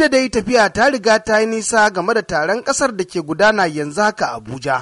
da dai tafiya ta riga ta yi nisa game da taron kasar da ke gudana yanzu haka Abuja.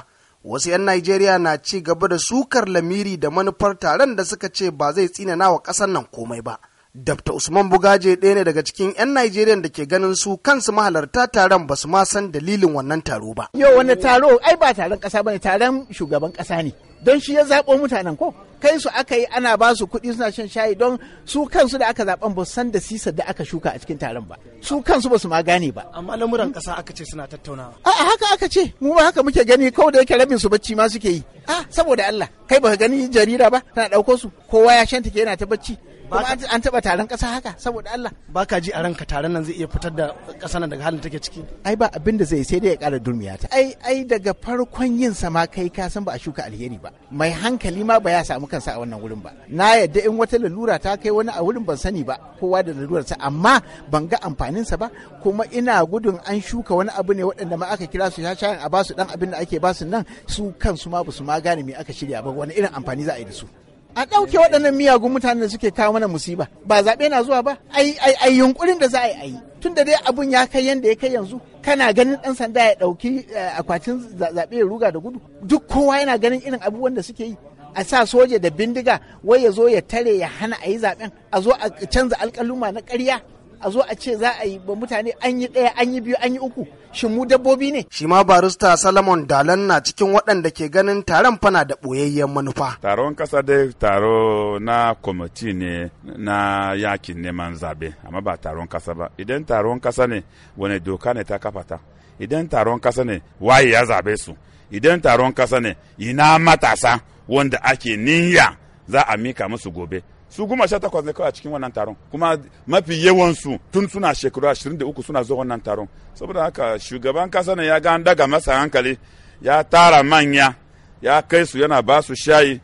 Wasu 'yan Najeriya na ci gaba da sukar lamiri da manufar taron da suka ce ba zai tsinana wa kasar nan komai ba. Dabta Usman Bugaje ɗaya ne daga cikin 'yan Najeriya da ke ganin su kansu mahalarta taron ba su ma san dalilin wannan taro ba. Yau wani taro ai ba taron ƙasa ba ne taron shugaban ƙasa ne. Don shi ya zaɓo mutanen ko? kai su aka yi ana ba su kuɗi suna shan shayi don su kansu da aka zaɓen ba san da sisar da aka shuka a cikin taron ba su kansu ba su ma gane ba amma lamuran ƙasa aka ce suna tattaunawa a'a haka aka ce mu ma haka muke gani kawai da yake rabin su bacci ma suke yi ah saboda Allah kai baka gani jarida ba tana dauko su kowa ya shanta ke yana ta bacci kuma an taba taron kasa haka saboda Allah baka ji a ranka taron nan zai iya fitar da kasa nan daga halin take ciki ai ba abin da zai sai dai ya kara durmiya ta ai ai daga farkon yin sa ma kai ka san ba a shuka alheri ba mai hankali ma ba ya samu kansa a wannan wurin ba na yadda in wata lalura ta kai wani a wurin ban sani ba kowa da lalurar sa amma ban ga amfanin sa ba kuma ina gudun an shuka wani abu ne waɗanda ma aka kira su shashayan a basu dan abin da ake basu nan su kansu ma ba su ma gane me aka shirya ba wani irin amfani za a yi da su a ɗauke waɗannan miyagun mutanen da suke kawo mana musiba ba zaɓe na zuwa ba ai ai yunkurin da za a yi ayi tun da dai abun ya kai yanda ya kai yanzu kana ganin ɗan sanda ya ɗauki eh, akwatin zaɓe ya ruga da gudu duk kowa yana ganin irin abubuwan da suke yi a sa soja da bindiga wai ya zo ya tare ya hana a yi zaɓen a zo a canza alƙaluma na ƙarya a zo a ce za a yi ba mutane an yi ɗaya an yi biyu an yi uku shin mu dabbobi ne. shi ma barista salamon dalan na cikin waɗanda ke ganin taron fana da ɓoyayyen manufa. taron kasa dai taro na kwamiti ne na yakin neman zaɓe amma ba taron kasa ba idan taron kasa ne wani doka ne ta kafa ta idan taron kasa ne waye ya zaɓe su idan taron kasa ne ina matasa wanda ake niyya za a mika musu gobe su goma sha takwas ne kawai a cikin wannan taron kuma mafi yawansu tun suna shekaru ashirin da uku suna zuwa wannan taron saboda haka shugaban kasa ne ya ga an daga masa hankali ya tara manya ya kai su yana ba su shayi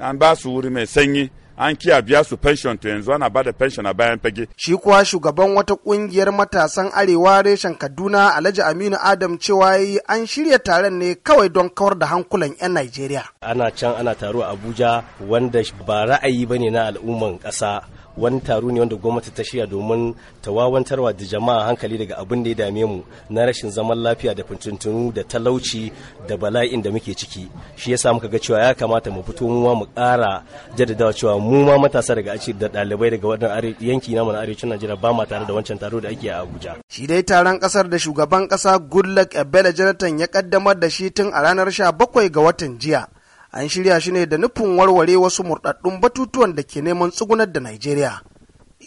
an ba su wuri mai sanyi an kiya biya su pension to yanzu ana bada pension a bayan fage. Shi kuwa shugaban wata kungiyar matasan arewa reshen Kaduna Alhaji Aminu Adam cewa yi an shirya taron ne kawai don kawar da hankulan 'yan Najeriya. Ana can ana taro a Abuja wanda ba ra'ayi bane na al'umman ƙasa. wani taro ne wanda gwamnati ta shirya domin ta wawantarwa da jama'a hankali daga abin da ya dame mu na rashin zaman lafiya da fitintunu da talauci da bala'in da muke ciki shi yasa muka ga cewa ya kamata mu fito mu mu ƙara jaddadawa cewa mu ma matasa daga aci da ɗalibai daga wannan yanki na arewacin Najeriya ba ma tare da wancan taro da ake a Abuja shi dai taron kasar da shugaban kasa Goodluck Ebele Jonathan ya kaddamar da shi tun a ranar 17 ga watan jiya an shirya shi ne da nufin warware wasu murɗaɗɗun batutuwan da ke neman tsugunar da Najeriya.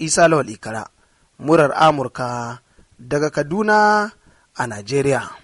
Isa Lawal Ikara, murar Amurka daga Kaduna a Najeriya.